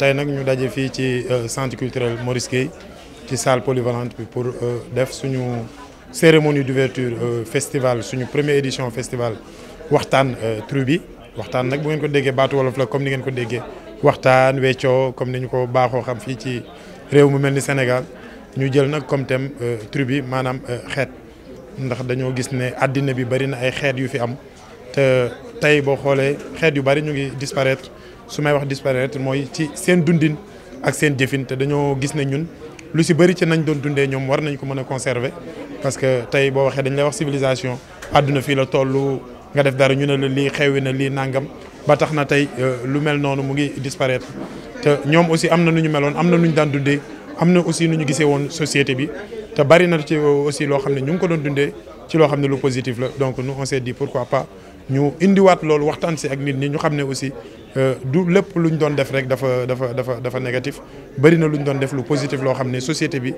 tay nak ñu dajé fi ci euh, centre culturel Maurice Guèye ci salle polyvalente bi pour euh, def suñu cérémonie d'ouverture euh, festival suñu première édition festival waxtan tru waxtan nak bu ngeen ko déggé batu wolof la comme ni ngeen ko déggé waxtan weccoo comme ni ñu ko baxo xam fi ci réew mu melni Sénégal ñu jël nak comme thème tru manam maanaam ndax dañoo gis ne adina bi bari na ay xeet yu fi am te tey boo xoolee xeet yu bari ñu ngi disparaître su may wax disparaître mooy ci seen dundin ak sen jëfin te dañoo gis ne ñun lu ci bari ci nañ doon dundé ñom war nañ ko mëna conserver parce que tay bo waxé dañ lay wax civilisation aduna fi la tollu nga def dara ñu ne la lii xewwi na nangam ba tax na tey euh, lu mel nonu mu ngi disparaître te ñom aussi amna nuñu nu ñu meloon am na nu daan aussi nuñu gisé won société bi te bari na ci euh, aussi lo xamné ñu ko doon dundé ci lo xamné lu positif la donc nous on s'est dit pourquoi pas nous avons aussi négatif Nous société bi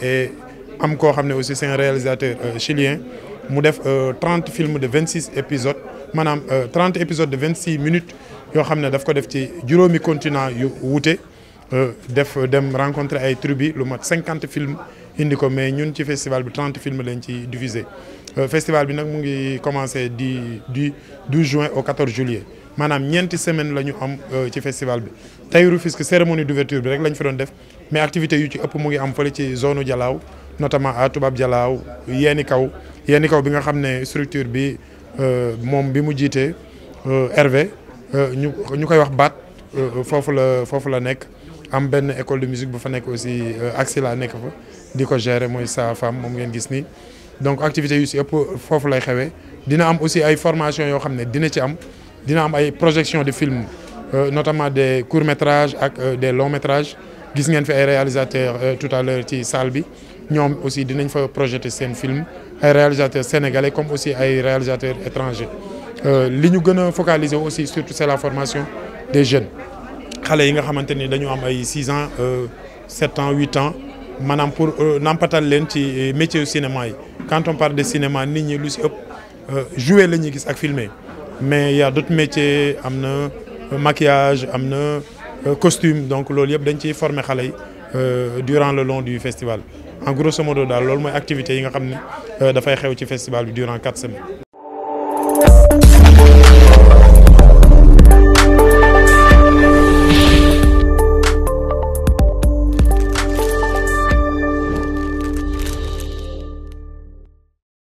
et aussi c'est un réalisateur euh, chilien mu 30 euh, films de 26 épisodes euh, épisodes de 26 minutes Nous daf rencontrer films indi ko mais ñun ci festival bi 30 films lañ ci euh, festival bi du 12 juin au 14 juillet manam ñeenti semaine une semaine am euh, ci festival bi tey une cérémonie d'ouverture bi rek fi def mais activité yu ci ëpp mu ngi am ci zone notamment à Toubab Jalaaw yéni kaw yéni kaw bi nga xamné structure bi euh, mom bi mu Hervé nous ñu ñukay wax bat fofu la fofu am une école de musique bu fa nek aussi euh, accès laa nek fa diko gérer sa femme moom ngeen gis donc l'activité est si pour foofu lay xewé dina aussi ay formation yo xamné dina ci am dina am ay projection de films, euh, notamment des courts métrages ak euh, des longs métrages gis ngeen fi ay réalisateur tout à l'heure ci salle bi ñom aussi dinañ fa projeter seen film ay réalisateurs sénégalais comme aussi ay réalisateurs étrangers li ñu gëna focaliser aussi surtout c'est la formation des jeunes xalé yi nga xamanteni dañu am ay 6 ans 7 euh, ans 8 ans manam pour euh, nampatal len ci euh, métier cinéma yi quand on parle de cinéma nit ñi lu si ëpp jouer lañu gis ak filmer mais y a d'autres métiers comme le maquillage le costume donc lool yëpp dañ ci former xalé yi durant le long du festival en grosso modo dal lool moy activité yi nga xam da fay xew ci festival durant 4 semaines